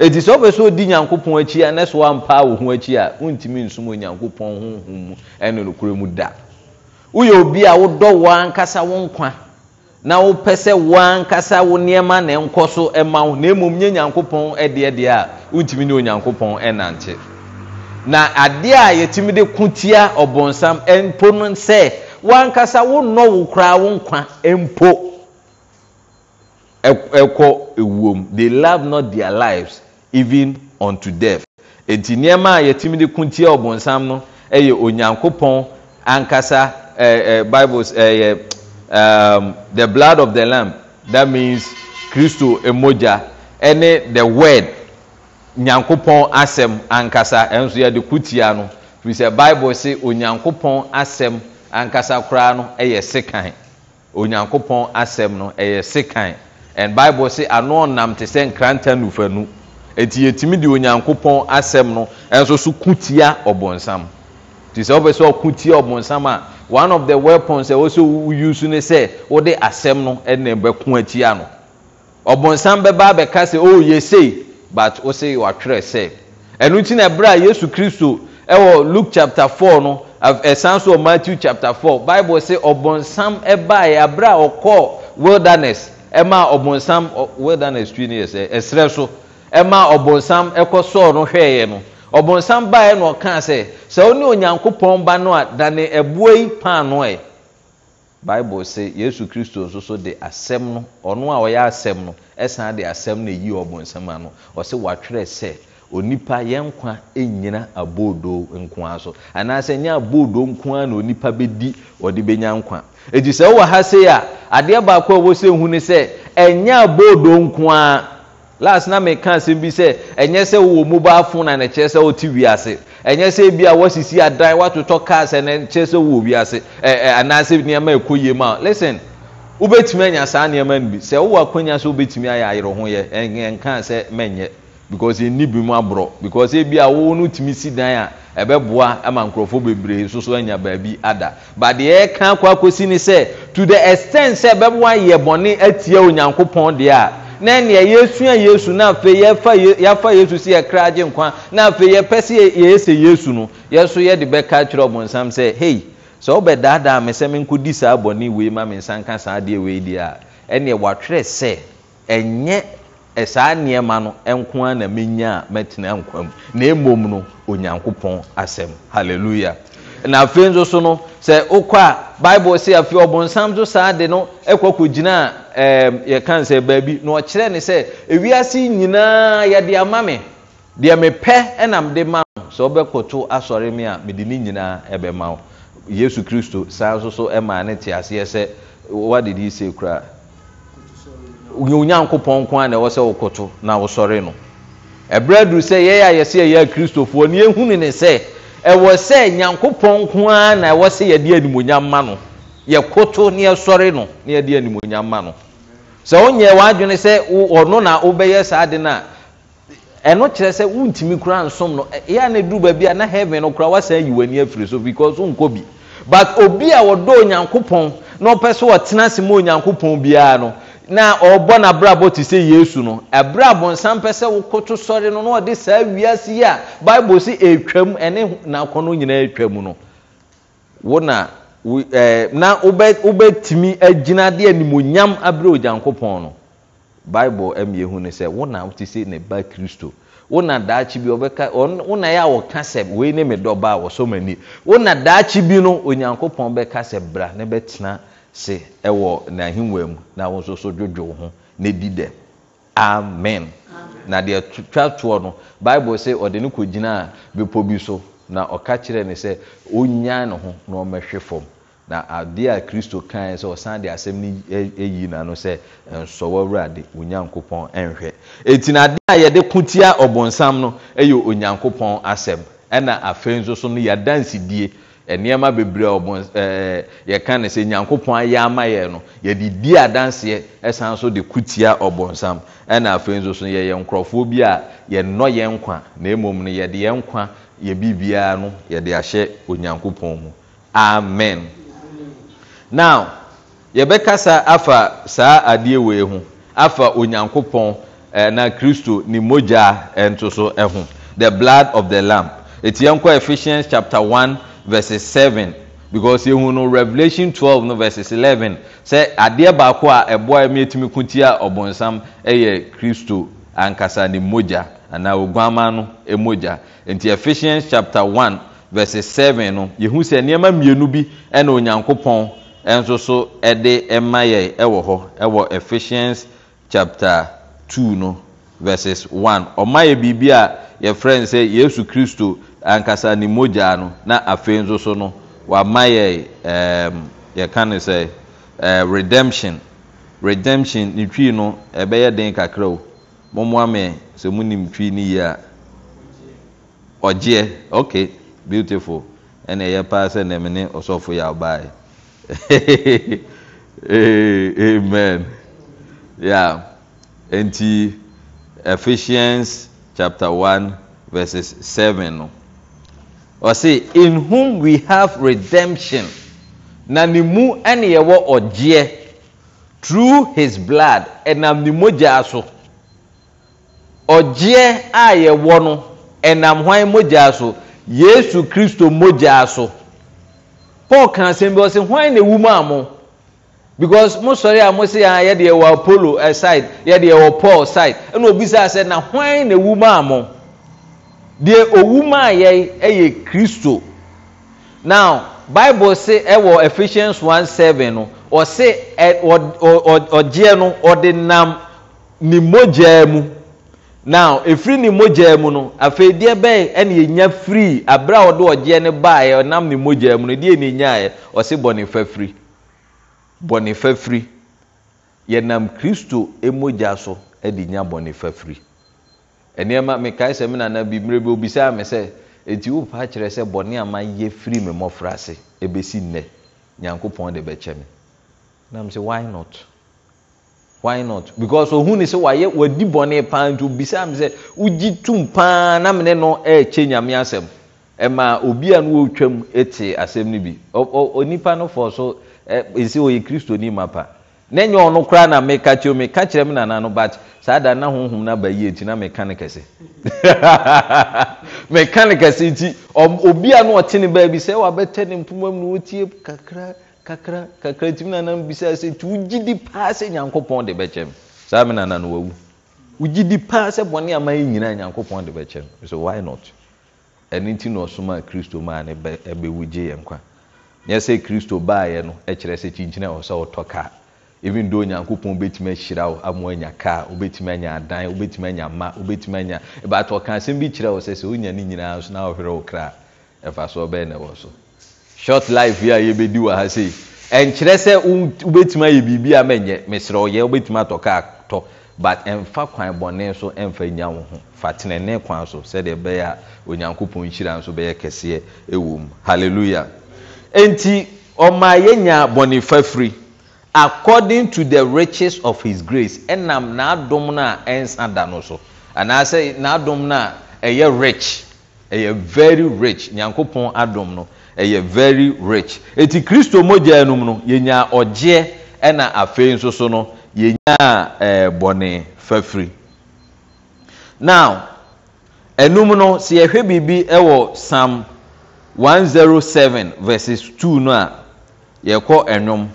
ɛti sɛ wopɛ sɛ ɔdi nyankopɔn akyi a ne so woampaa wo ho akyi a wontimi nsom onyankopɔn honhom mu ɛne nokorɛ mu da woyɛ obi a wodɔ wo ankasa wo nkwa na wopɛ sɛ wo ankasa wo nnoɔma na- nkɔ so ɔma wo na mmom nyɛ nyankopɔn deɛdeɛ a wontimi ne onyankopɔn ɛnante na adeɛ a yɛtumi de ko tia ɔbɔnsam mpo no sɛ woankasa wonnɔ wo koraa wo nkwa mpo ɛkɔ ewuom they love not their lives even unto death eti nneɛma a yɛtumi de kuntie ɔbɔnsam no ɛyɛ onyankopɔn ankasa ɛɛ ɛɛ bibles ɛyɛ um, the blood of the lamb that means kristo emogya ɛne the word nyankopɔn asɛm ankasa ɛnso yɛde kutia no fi sɛ bible se onyankopɔn asɛm ankasa koraa no ɛyɛ sekan onyankopɔn asɛm no ɛyɛ sekan and bible say ano ɔnam te sɛ nkranta nufa nu eti yɛtumi de onyankopɔn asɛm no ɛnso so kutia ɔbɔnsam te sɛ ɔbɛ sɛ ɔbɔnsam a one of the weapons ɛwɔ sɛ wouse ne sɛ wode asɛm no ɛna bɛko atia no ɔbɔnsam bɛba abɛka sɛ o oh, yɛ eh, but wo se watwerɛ sɛ ɛno nti na ɛberɛ a yesu kristo ɛwɔ luke chapter four no ɛsan so wɔ matthew chapter four bible say ɔbɔnsam ɛbaeɛ aberɛ a ɔkɔɔ wilderness ɛma ɔbonsam wilderness three years ɛsrɛ eh, so ɛma ɔbonsam ɛkɔ sɔɔ no hwɛɛyɛ no ɔbonsam baeɛ na ɔkaa sɛ sɛ wo ne onyankopɔn ba no a dane ɛboa yi paano ɛ bible sɛ yesu kristo nso so de asɛm no ɔno a ɔyɛ asɛm no ɛsan de asɛm na eyi ɔbonsam ano ɔsɛ watwerɛ sɛ onipa yɛnkwa nkwa aboodoo aboodo nkwa so anaasɛ nyɛ aboodo nkwa na onipa bɛdi ɔde bɛnya nkwa ɛti sɛ wowɔ ha sei a adeɛ baako a wɔ sɛ hu ne sɛ ɛnyɛ aboodo nko a las na meka asɛm bi sɛ ɛnyɛ sɛ wowɔ mobile phone a nɛkyerɛ sɛ wote wiase ɛnyɛ sɛ bia woasisi adan woatotɔ cars ɛnɛkyerɛ sɛ wowɔ wiase anaasɛ nneɛma ɛkɔ yie mu a listen wobɛtumi anya saa nneɛma no bi sɛ wowɔ akwanya sɛ wobɛtumi ayɛ ayerɛ ho yɛ ɛnkaa sɛ mɛnyɛ because ɛnni bi mu aborɔ because ebi a wɔn no tumi si dan a ɛbɛboa ama nkurɔfoɔ bebree soso anya baabi ada but deɛ ɛka akɔ akɔsi ne sɛ to the extent sɛ ɛbɛboa yɛ bɔne atia onyankopɔn deɛ a na nea yesu a yesu na afei yɛfa yɛfa yesu si yɛkra agye nkwa na afei yɛpɛ sɛ yɛsɛ yesu no yɛso yɛde bɛka kyerɛ ɔbɔnsam sɛ hey sɛ wobɛdaadaa me sɛ menkɔdi saa bɔne wei ma me nsa nka saa adeɛ wei deɛ a ɛneɛ wɔatwerɛ sɛ ɛnyɛ ɛsaa nnoɔma no ɛnko a na mɛnya a mɛtena nkwam na mmom no onyankopɔn asɛm hallelujah na afei nso so no sɛ wokɔ a bible sɛ afei ɔbonsam nso saa de no ɛkɔkɔgyinaa yɛkane sɛ baabi na ɔkyerɛ ne sɛ ɛwiase nyinaa yɛde ama me deɛ mepɛ ɛnam de ma wo sɛ wobɛkɔto asɔre me a mede ne nyinaa ɛbɛma wo yesu kristo saa nso so maa ne te aseɛ sɛ wadedi see koraa yɛ onyankopɔn nko a na ɛwɔ sɛ wo koto na wosɔre no ɛberɛ duru sɛ yɛyɛ a yɛsɛ yɛyɛ akristofoɔ ne yɛhunu ne sɛ ɛwɔ sɛ nyankopɔn nko ara na ɛwɔ sɛ yɛde animonyam ma no yɛkoto ne yɛsɔre no na yɛde animonyam ma no sɛ wonyɛ w'adwene sɛ ɔno na wobɛyɛ saa de no a ɛno kyerɛ sɛ wontumi koraa nsom no yɛa ne duru baabi a na heaven no koraa woasan yi w'ani afiri so because wonkɔ bi but obi a wɔdɔ onyankopɔn na ɔpɛ sɛ ɔtena ase ma onyankopɔn biara no na ɔrebɔ n'abrabɔ te sɛ yesu no abrabɔ nsan pɛ sɛ wokoto sɔre no na ɔde saa wiase yi a bible sɛ ɛtwam ɛne nyinaa ɛtwa no wo na na wobɛtumi agyina deɛ nimonyam aberɛ no bible sɛ na wote sɛ ne ba na daakye bi ɔbɛka wo na yɛ a wɔka sɛ wei ne me wɔsɔ m'ani se ɛwɔ n'ahengua mu na wo nso so dwodwow ho na edi dɛ amen na deɛ twa toɔ no bible sɛ ɔde ne kɔgyinaa bepɔ bi so na ɔka kyerɛ ne sɛ ɔnyaa ne ho na ɔmɛhwe fam na adeɛ a kristo kae sɛ ɔsan de asɛm no yi nano sɛ nsɔwɔ wurade onyankopɔn nhwɛ ɛnti na adeɛ a yɛde ko tia ɔbonsam no ɛyɛ onyankopɔn asɛm ɛna afei nso so no yɛadansedie Eh, nnoɔma bebree a ɔbɔ ɛɛ eh, yɛka ne sɛ nyankopɔn ayɛ ama yɛ no yɛde di adanseɛ ɛsan so de kutia ɔbɔnsam ɛna afei nso so yɛyɛ nkurɔfoɔ bi a yɛnɔ yɛn nkwa na emom no yɛde yɛn nkwa yɛ biribiara no yɛde ahyɛ onyankopɔn mu amen now yɛbɛkasa afa saa adeɛ wei ho afa onyankopɔn ɛɛ eh, na kristo ne mogya ɛnto so ɛho the blood of the lamb eti yɛn Ephesians chapter one verses seven, because yɛhu no revelation twelve no verses 11 sɛ adeɛ baako a ɛboa ɛmi etumi ko tia ɔbɔnsam ɛyɛ kristo ankasa ne mogya anaa oguama no mogya nti ephesians chapter one, verses seven, no yɛhu sɛ nneɛma mmienu bi ɛna onyankopɔn ɛnso so ɛde ɛma yɛ ɛwɔ hɔ ɛwɔ ephesians chapter two no verses one. ɔma yɛ biribi a yɛfrɛ no sɛ yesu kristo ankasa ne mogyaa no na afei nso so no wama yɛ yɛka no sɛ redemption redemption ne twi no ɛbɛyɛ den kakra o mommoa me sɛ munim twi no yie a ɔgyeɛ ok beautiful ɛne ɛyɛ paa sɛ nɛme ne ɔsɔfo yɛ ɔbaeɛ eh, amen yeah nti Ephesians chapter one verses seven no. ɔ se in hom we have redemption na ne mu ne yɛwɔ ɔgyeɛ tru his blood ɛnam ne mogyaa so ɔgyeɛ a yɛwɔ no ɛnam hwan mogyaa so yesu kristo mɔgyaa so paul kaa sɛm bia ɔ se hwan ne wu maa mo because mosɔre a mo seɛ yɛde yɛwɔ apollo aside eh, yɛde yɛwɔ paul side ne ɔbisaa sɛ na hwan ne wu maamo deɛ owu maa yɛn yɛ kristo now bible se wɔ ephesians one seven no ɔse ɔgyeɛ no ɔde nam ne mogyaa mu now efiri ne mogyaa mu no afei deɛ bɛyɛ ɛna enya firi abere a ɔde ɔgyeɛ no baeɛ ɔnam ne mogyaa mu no deɛ na enyaeɛ ɔse bɔ ne fa firi bɔ ne fa firi yɛnam kristo mogya so de nya bɔ ne fa firi nnoɔma mekae sɛ me nana bi mmerɛ bi obisaa me sɛ ɛti wopa kyerɛ sɛ bɔne a mayɛ firi me mmɔfra ase bɛsi nnɛ nyankopɔn de bɛkyɛ me nam sɛ why not why not because ohun ni sɛ wayɛ wadi bɔne paa nti obisaa me sɛ wogyi tum paa na mene no ɛɛkyɛ nyame asɛm ɛma obi a no wɔtwam te asɛm no bi onipa no fɔ so ɛsɛ ɔyɛ kristoni ma pa ne nyɛ ɔno koraa na meka kyerɛ mu ka kyerɛ mu na no but saa da na honhom no aba yie nti na meka ne kɛse meka ne kɛse nti obi a no ɔte ne baabi sɛ wabɛtɛ ne mpoma mu na ɔtie kakra kakra kakra nti mu nana bisa sɛ nti wogye di paa sɛ nyankopɔn de bɛkyɛ mu saa me nana no wawu wogye di paa sɛ bɔne ama yi nyinaa nyankopɔn de bɛkyɛ mu so why not ɛno nti na ɔsoma kristo maa ne bɛwu gye yɛn kwa nyɛ sɛ kristo baayɛ no kyerɛ sɛ kyinkyina ɛwɔ sɛ wotɔ even though nyankopɔn wobɛtumi ahyira wo ama anya kaa wobɛtumi anya adan wobɛtumi anya ma wobɛtumi anya but ɔka asɛm bi kyerɛ wo sɛ sɛ wonya ne nyinaa so na wɔhwerɛ wo kra ɛfa so ɔbɛyɛ na ɛwɔ so short life yi a yɛbɛdi wɔ ha sei ɛnkyerɛ sɛ wobɛtumi ayɛ biribi a mɛnyɛ mesrɛ ɔyɛ wobɛtumi atɔ kaa tɔ but ɛmfa kwan bɔne so ɛmfa nya wo ho fa tenene kwan so sɛdeɛ ɛbɛyɛ a onyankopɔn nhyira nso bɛyɛ kɛseɛ ɛwɔ mu hallelujah enti ɔmaa yɛnya bɔne fafiri according to the riches of his grace ɛnam n'adom no a ɛnsa da no so anaasɛ n'adom no a ɛyɛ rich ɛyɛ very rich nyankopɔn adom no ɛyɛ very rich eti kristo mogya enum no yɛnya ɔgyeɛ ɛna afei nso so no yɛnya ɛɛ eh, bɔne fafiri now enum no sɛ yɛhwɛ biribi ɛwɔ psalm one zero seven verses two no a yɛkɔ enum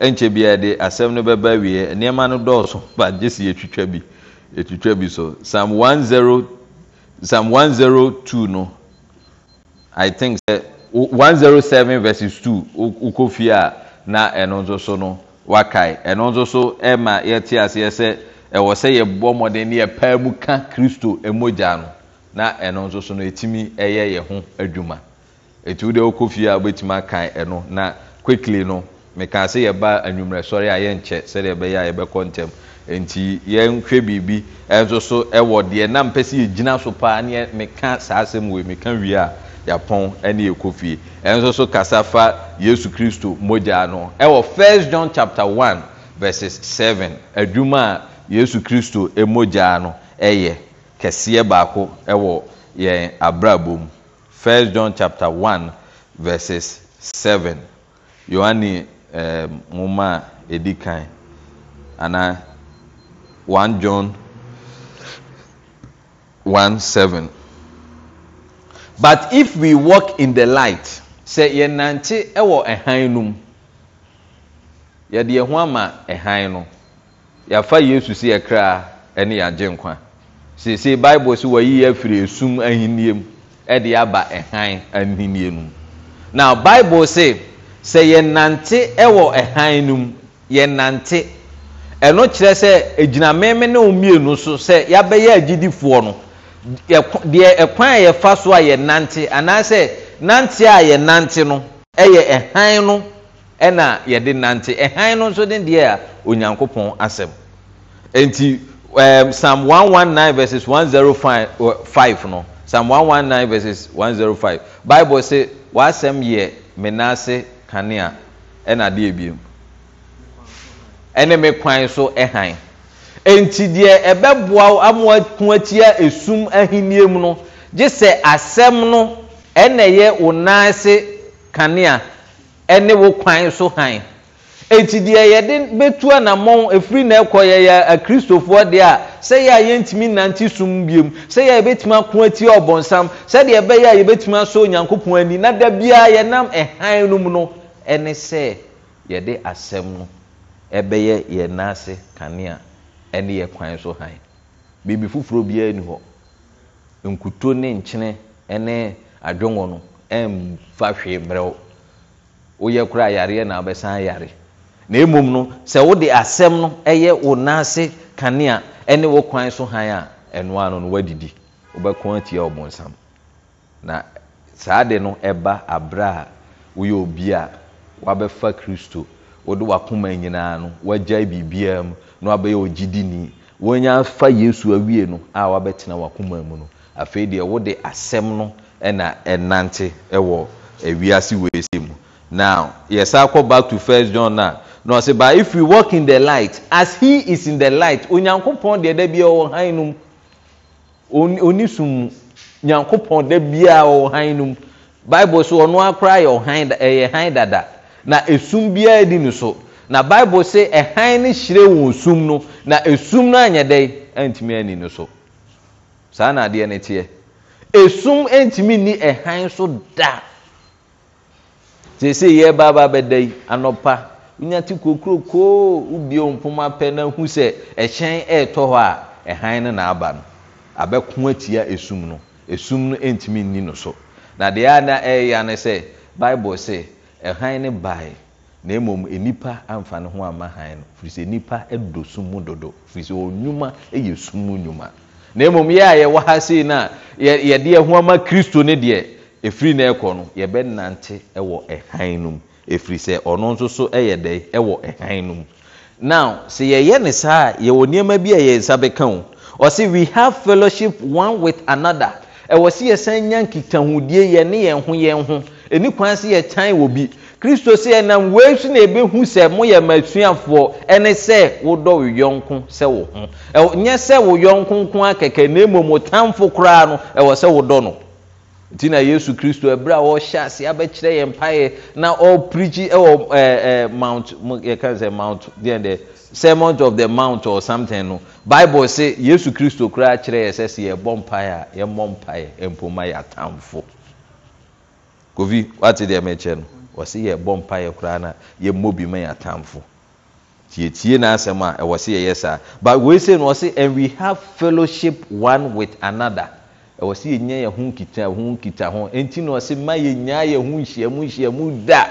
ɛnkyɛ bia de asɛm no bɛba wie nneɛma no dɔɔso ba gye si yɛtwitwa bi yɛtwitwa bi so psalm one zero psalm one zero two no i think sɛ one zero seven verses two wokɔ fie a na ɛno nso so no wakae ɛno nso so ɛma yɛte aseɛ sɛ ɛwɔ sɛ yɛbɔ mmɔden ne yɛpaa mu ka kristo mogya no na ɛno nso so no ɛtumi ɛyɛ yɛ ho adwuma ɛti wo deɛ wokɔ fie a wobɛtumi akae ɛno na quickly no mekaa sɛ yɛba anwummerɛsɔre a yɛnkyɛ sɛdeɛ ɛbɛyɛ a yɛbɛkɔ ntɛm nti yɛnhwɛ biribi ɛnso so ɛwɔ deɛ na mpɛ sɛ yɛgyina so paa ne meka saa asɛm wei meka wie a yɛapɔn ɛne yɛkɔ fie ɛnso so kasa fa yesu kristo mogyaa no ɛwɔ 1 john chapter one verses seven adwuma a yesu kristo mogyaa no ɛyɛ kɛseɛ baako ɛwɔ yɛn abrabɔ mu First john chapter one verses seven yohane momaa ɛdi kan anaa 1 john 17 but if we wolk in the light sɛ yɛnante wɔ han no mu yɛde yɛ ho ama hann no yɛafa yesu sɛ yɛkraa ɛne yɛagyenkwa seesei bible se wɔayiye afiri esum ahenniɛm de ɛaba han ahinnie nomu n bible se sɛ yɛnante ɛwɔ hann no mu yɛnante ɛno kyerɛ sɛ ɛgyinameme ne wo mmienu so sɛ yɛabɛyɛ agyidifoɔ no deɛ ɛkwan a yɛfa so a yɛnante anaasɛ nante a yɛnante no ɛyɛ hann no ɛna yɛde nante hann no nso ne deɛ a onyankopɔn asɛm ɛnti psalm 119 vs five no psalm one zero five bible se w'asɛm yɛ menase. kanea ɛna adeɛ biom ɛne me kwan so han ɛnti deɛ ɛbɛboa wo amoako atia ɛsum ahennie mu no gye sɛ asɛm no ɛnɛ yɛ wo nan se kanea ɛne wo kwan so hann ɛnti deɛ yɛde bɛtu anammɔn efiri na ɛkɔ yɛyɛ akristofoɔ deɛ a sɛ yɛ a yɛntumi nnante sum biom sɛ yɛ a yɛbɛtumi ako atia ɔbɔnsam sɛdeɛ ɛbɛyɛ a yɛbɛtumi asɔ onyankopɔn ani na da biara yɛnam ɛhan no mu no ɛne sɛ yɛde asɛm no ɛbɛyɛ yɛn nan ase kanea ɛne yɛ kwan so han. biribi foforɔ biara ni hɔ nkuto ne nkyene ɛne adwongo no ɛmfa hwee mmerɛw woyɛ koraa yareɛ na abɛsan yare na mmom no sɛ wode asɛm no ɛyɛ wo nan ase kanea ɛne wo kwan so han a ɛnoa no no woadidi wobɛko atia ɔbonsam na saa de no ɛba abrɛ a woyɛ obi a wabɛfa kristo wode wakoma nyinaa no wagyae biribiaa mu na wabɛyɛ ɔgyidini wɔnya afa yesu awie no a wabɛtena wakoma mu no afei deɛ wode asɛm no ɛna ɛnante ɛwɔ awiase wɔɛse mu now yɛsa kɔ back to first john a na ɔsɛ ba if we walk in the light as he is in the light onyankopɔn deɛ da bia ɔwɔ han no oni sum nyankopɔn da a ɔwɔ han no mu bible so ɔno akora yɛ ɔhan ɛyɛ han dada. na esum biara di ne so na bible sị, ɛhan ne hyire wɔn sum no na esum no anyɛ dɛn antumi ani no so saa naadeɛ no teɛ ɛsum ntumi nni ɛhan so da seesei yɛ baabaa bɛda yi anɔpa wonya te kokrokoo wobio mpoma pɛ no hu sɛ ɛhyɛn ɛɛtɔ hɔ a ɛhan no naaba no abɛko atia ɛsum no ɛsum no ntumi nni no so na deɛ a na ɛɛya ne sɛ bible sị. ɛhan ne bae na mmom nipa amfa ne ho ama han no firi sɛ nipa dɔ sum mu dodo firi sɛ ɔnwuma yɛ sum mu nnwuma na mmom yɛ a yɛwɔ ha sei no a yɛde ɛho ama kristo no deɛ ɛfiri no ɛkɔ no yɛbɛnante wɔ ɛhan no mu ɛfiri sɛ ɔno nso so yɛ dɛ wɔ ɛhan no mu now sɛ yɛyɛ ne saa a yɛwɔ nneɛma bi a yɛn nsa bɛka ho ɔsɛ we have fellowship one with another ɛwɔ sɛ yɛsan nya nkitahodie yɛne yɛn ho yɛn ho ɛni kwan sɛ yɛkyan wɔ bi kristo sɛ yɛnam wei so na ɛbɛhu sɛ moyɛ masuafoɔ ɛne sɛ wodɔ wo yɔnko sɛ wo ho nyɛ sɛ wo yɔnko nko akɛkɛ na mmom wo tamfo koraa no ɛwɔ sɛ wodɔ no nti na yesu kristo ɛberɛ a wɔhyɛ ase abɛkyerɛ yɛn mpaeɛ na ɔprikyi ɛwɔ ɛɛ mount yɛka sɛ mount deɛ deɛ sermon of the mount or something no bible say yesu kristo koraa kyerɛ yɛ sɛ sɛ yɛbɔ mpaeɛ a yɛmmɔ mpaeɛ mpo yɛ atamfo kofi wate deɛ mekyɛ no wɔ yɛ bɔ mpayɛ koraa no yɛmmɔ bi ma yɛ atamfo tietie n'asɛm a ɛwɔ se yɛyɛ saa but wei se no wɔ and we have fellowship one with another ɛwɔ e se e yɛnya yɛn e oh, ho nkita ho nkita ho nti na wɔ se ma yɛnya yɛn ho nhyiamu nhyiamu da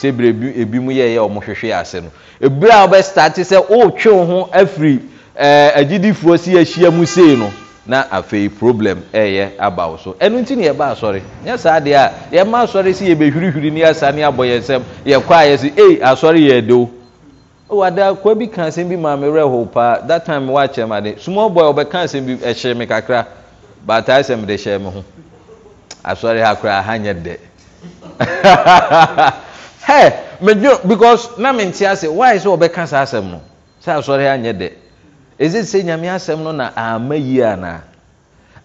sɛ ebire ebi mu yɛyɛ ɔmo hwehwɛ ase no ebire a wɔbɛ start sɛ ɔɔtwe ho afiri ɛɛ agyidifoɔ si ahyia mu sei no. na afei problem ɛyɛ aba wo so ɛno na ne yɛba asɔre nyɛ saa deɛ a yɛma asɔre sɛ yɛbɛhwirihwiri ne yɛasa ni abɔ yɛn nsɛm yɛkɔ a yɛ se ei asɔre yɛ de o ada kwa bi ka asɛm bi maame me werɛ paa that time woakyerɛ m adi small boy ka asɛm bi ɛhyee kakra bata sɛ de hyɛɛ me ho asɔre ha koraa ha nyɛ dɛ hɛ medwo because na mente ase why sɛ wɔbɛka saa asɛm no sɛ asɔre ha ɛsɛ sɛ nyame asɛm no na ama yi yie anaa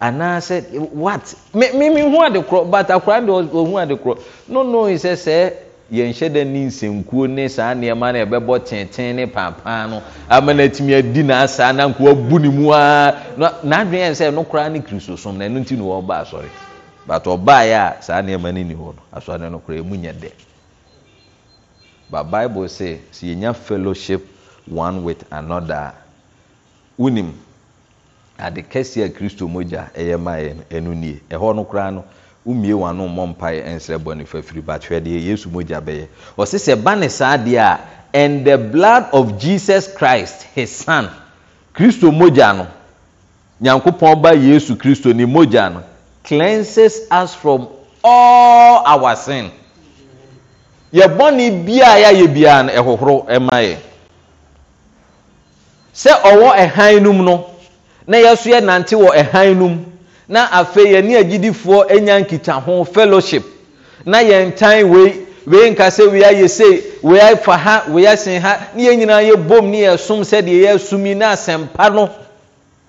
anaasɛ what meme hu ade korɔ but akoraa deɛ ɔhu ade korɔ nonoi sɛ sɛɛ yɛnhyɛ da ne nsɛnkuo ne saa nnoɔma na yɛbɛbɔ tenten ne paapaa no ama na etimi adi naasaa nankoabu ne mu ara n'adwene ɛ sɛ no koraa ne kristosom na ɛno nti no wɔba asɔre but ɔbaeɛ a saa nnoɔma no ni hɔ no asɔre no koraa ɛmu nyɛ dɛ but bible sɛ sɛ yɛnya fellowship one with another wonim ade kɛseɛ a kristo mogya ɛyɛ ma yɛ ɛno nie ɛhɔ no koraa no womie wano mmɔ mpaeɛ nsrɛ bɔne fafiri batwɛdeɛ yesu mogya bɛyɛ ɔse sɛ ba ne saa deɛ a and the blood of jesus christ his son kristo mogya no nyankopɔn ba yesu kristo ne mogya no cleanses us from all our sin yɛ bɔne biaa yɛayɛ biara no ɛhohoro ɛma yɛ sɛ ɔwɔ hann no no na yɛso yɛnante wɔ hann no na afei yɛne agyidifoɔ nya nkitaho fellowship na yɛntan wei wei nka sɛ wei ayɛ sei wei afa ha wei asen ha ne yɛn nyinaa yɛbom ne yɛsom sɛdeɛ yɛasom yi na asɛmpa no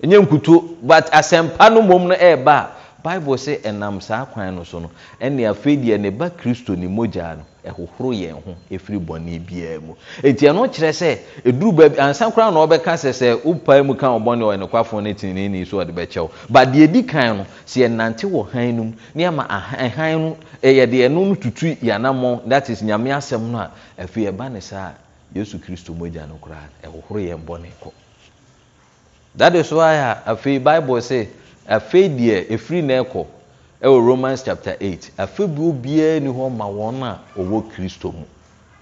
ɛnyɛ nkuto but asɛmpa no mmom no ɛreba a bible sɛ ɛnam saa kwan no so no ɛne afei deɛ ne ba kristo ne mogyaa no ɛhohoro yɛn ho ɛfiri bɔne biara mu ɛnti ɛno kyerɛ sɛ ɛduru baabi ansa koraa na ɔbɛka sɛ sɛ wopae mu ka ɔbɔne ɔyɛ nokwafoɔ no tininini so ɔde bɛkyɛ wo but deɛ di kan no sɛ yɛnante wɔ hann no mu ne ɛma hann no yɛde ɛno no tutu yɛanammɔn that is nyame asɛm no a afei ɛba ne saa yesu kristo mogya no koraa ɛhohoro yɛn bɔne kɔ that is why a afei bible sɛ afei deɛ ɛfiri na ɛkɔ ɛwɔ romans chapter eight. afebuo biara ni hɔ ma wɔn a ɔwɔ kristo mu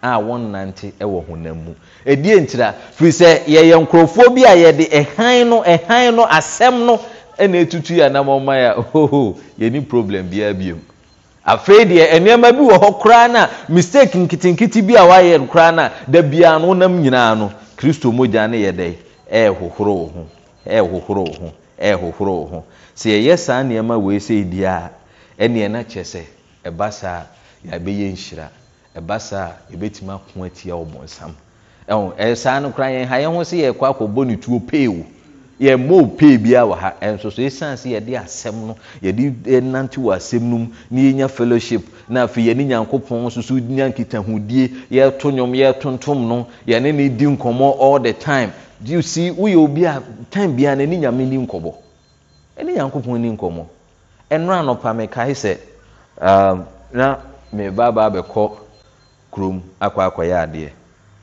a wɔnnante wɔ honam mu ɛdie ntira firi sɛ yɛyɛ nkurɔfoɔ bi a yɛde ɛhan no ɛhan no asɛm no ɛna ɛtutu yɛ anam ɔma hoho yɛni problem biara biom afei deɛ nnoɔma bi wɔ hɔ koraa no a mistake nketenkete bi a wɔayɛ koraa no a da biara no wonam nyinaa no kristo mogya ne yɛdɛ ɛɛhohoro wo ho ɛɛhohoro wo ho ɛɛhohoro wo ho sɛ yɛyɛ saa nnoɔma wei sɛ ɛdi a ɛneɛ na kyɛ sɛ ɛba saa yɛabɛyɛ nhyira ɛba saa yɛbɛtumi ako atia ɔbɔnsam saa no kora yɛha yɛ ho sɛ yɛkɔ akɔbɔ ne tuo pee o yɛmmɔɔ pee biaa wɔ ha ɛnso so ɛsiane sɛ yɛde asɛm no yɛde nante wɔ asɛm no mu na yɛnya fellowship na afei yɛne nyankopɔn so so nya nkitahodie yɛto nnwom yɛtontom no yɛne ne di nkɔmmɔ all the time do you see woyɛ obi a time biaa n'ani nyame ni nkɔmmɔ ɛne nyankopɔn ni nkɔmmɔ ɛnora nɔpa mekae sɛ um, na mebaabaa bɛkɔ kurom akɔ akɔyɛ adeɛ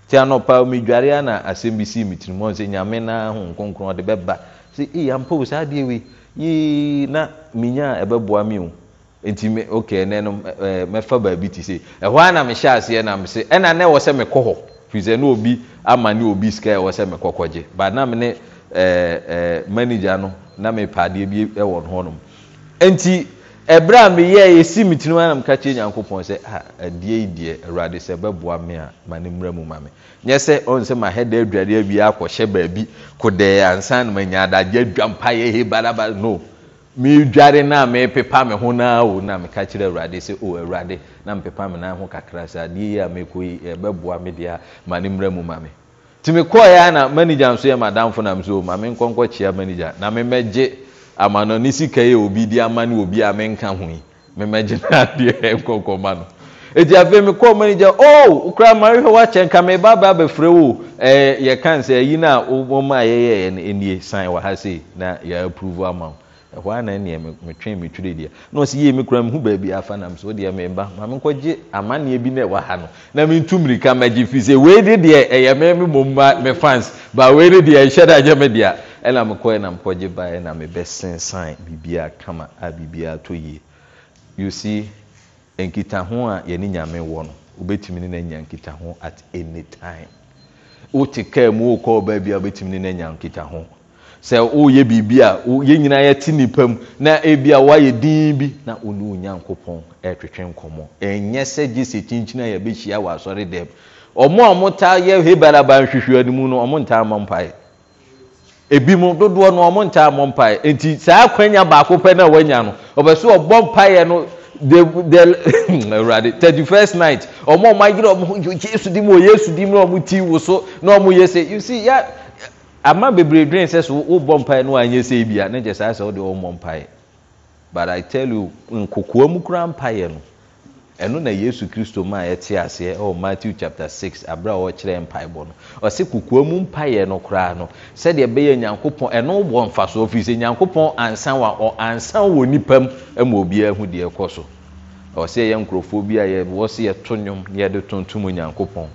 nti anɔpa medware ana asɛm bi sii metirimuɔ sɛ nyame naa ho nkronkron ɔde bɛba sɛ ampo saa adeɛ wei yii na menyaa ɛbɛboa me o nti ok nɛnom mɛfa baabi te sei ɛhɔ a na mehyɛ aseɛ na mese ɛna na ɛwɔ sɛ mekɔ hɔ firi sɛ ne obi ama ne obi sika ɛwɔ sɛ mekɔ kɔgye but na me ne manager no na mepaadeɛ bi wɔ nhɔnom nti ɔberɛ a meyɛ yɛsi me tinim ana mekakyerɛ nyankopɔn sɛade ah, yi deɛ awrade sɛ bɛboa me amanra mumame nyɛ sɛ ɔ smahɛda adware abia akɔhyɛ baabi kod ansa nomnya adagyɛ adwa mpayɛh baraba no meedware na mepepa me ho noa o na mekakyirɛ awurade sɛ awurade na meppmenaho kakra sɛ adeyiakbɛboa medeɛa manemmra mu ma me tumi kɔɔyɛ a na manager nso yɛ madamfo nam so maame nkɔnkɔ kyia manager na memɛgye amano ne sika yɛ obi di ama ne obi a menka ho yi memɛgye naadeɛ nkɔnkɔ ma no eti afei mi kɔɔ manager oh okura mari hɛ wakyɛ nka mi ba ba abɛfrɛ wo ɛɛ yɛ kan sɛ ɛyi na wɔn a yɛyɛ yɛ nie sign ha sei na yɛ approve ama wo ɛhɔ ana nea metwɛn me twere deɛ na ɔsi yie me kura me ho baabi afa nam so deɛ me ba maame nkɔgye amanneɛ bi na ɛwɔ ha no na me ntu mirika magye fi sɛ wei de deɛ ɛyɛ me me mom ma me fans ba wei de deɛ ɛhyɛ da gye me deɛ ɛna me kɔ ɛna me kɔgye ba ɛna me bɛ sensan biribiara kama a biribiara tɔ yie you see nkitaho a yɛne nyame wɔ no wobɛtumi ne na nya nkitaho at any time wote kaa mu wokɔ ɔbaa bi a wobɛtumi ne na nya nkitaho sɛ woyɛ biribi a yɛn nyinaa yɛte nnipa mu na ebi a woayɛ din bi na ɔne onyankopɔn ɛretwetwe nkɔmmɔ ɛnyɛ sɛ gye sɛ kyinkyini a yɛbɛhyia wɔ asɔre dɛm ɔmo a ɔmotaa yɛ hebalaba nhwehwɛ no mu no ɔmo ntaa mmɔ mpaeɛ ebi mu dodoɔ no ɔmo ntaa mmɔ mpaeɛ nti saa akwanya baako pɛ na wanya no ɔbɛ so ɔbɔ mpaeɛ no the the awurade thirty first night ọmọ ọmọ ayé ọmọ yesu di mu yesu di mu ọmọ ti wo so na ọmọ yẹ sẹ you see ya ama bebree dwen sɛ so wobɔ mpaeɛ no anyɛ sɛ bia ne kyɛ saa sɛ wode wɔmmɔ mpaeɛ but i tell you nkokoa mu kura mpaeɛ no ɛno na yesu kristo ma a aseɛ ɛwɔ matthew chapter six abira a ɔkyerɛ mpaebɔ no ɔsɛ kokoa mu mpaeɛ no koraa no sɛdeɛ ɛbɛyɛ nyankopɔn ɛno wɔ mfasoɔ firi sɛ nyankopɔn ansan wa ɔ ansan wɔ nipa mu ɛma obiara ho deɛ ɛkɔ so ɔsɛ yɛ nkurɔfoɔ bi a yɛ wɔsi yɛto nnwom yɛde tuntum nyankopɔn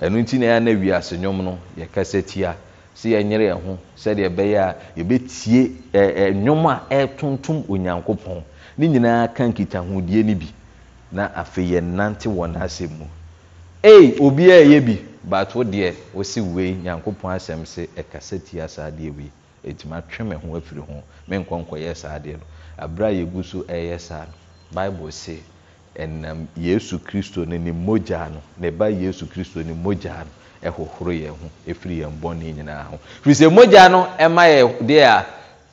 ɛno nti na yɛ ana wiase nnwom no yɛkasa tia. sɛ yɛnyere yɛ ho sɛdeɛ ɛbɛyɛ a yɛbɛtie nnwom a ɛtontom onyankopɔn ne nyinaa ka nkita no nibi na afei yɛnante wɔ n'asɛm mu obi obiaa ɛyɛ bi but wo deɛ wo si wei nyankopɔn asɛm se ɛkasa tia saa deɛ wei ɛtimi atwe me hụ afiri ho menkɔnkɔyɛ saa deɛ no aberɛ a yɛgu so ɛyɛ saa Baịbụl bible se ɛnam yesu kristo na ne mogyaa no ne ba yesu kristo ne mogyaa no ɛhohoro yɛn ho ɛfiri yɛn bɔne nyinaa ho firi sɛ mogya no ɛma yɛ deɛ a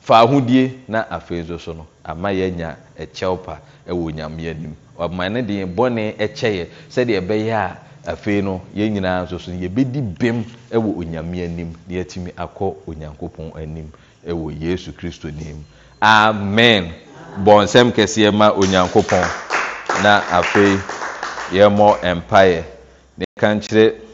faahodie na afei nso so no ama yɛanya ɛkyɛw pa ɛwɔ nyame anim ɔma ne de bɔne ɛkyɛeɛ sɛdeɛ ɛbɛyɛ a afei no yɛn nyinaa nso so yɛbɛdi bem ɛwɔ onyame anim na yɛatumi akɔ onyankopɔn anim ɛwɔ yesu kristo nim amen bɔ nsɛm kɛseɛ ma onyankopɔn na afei yɛmmɔ mpaeɛ ne yɛka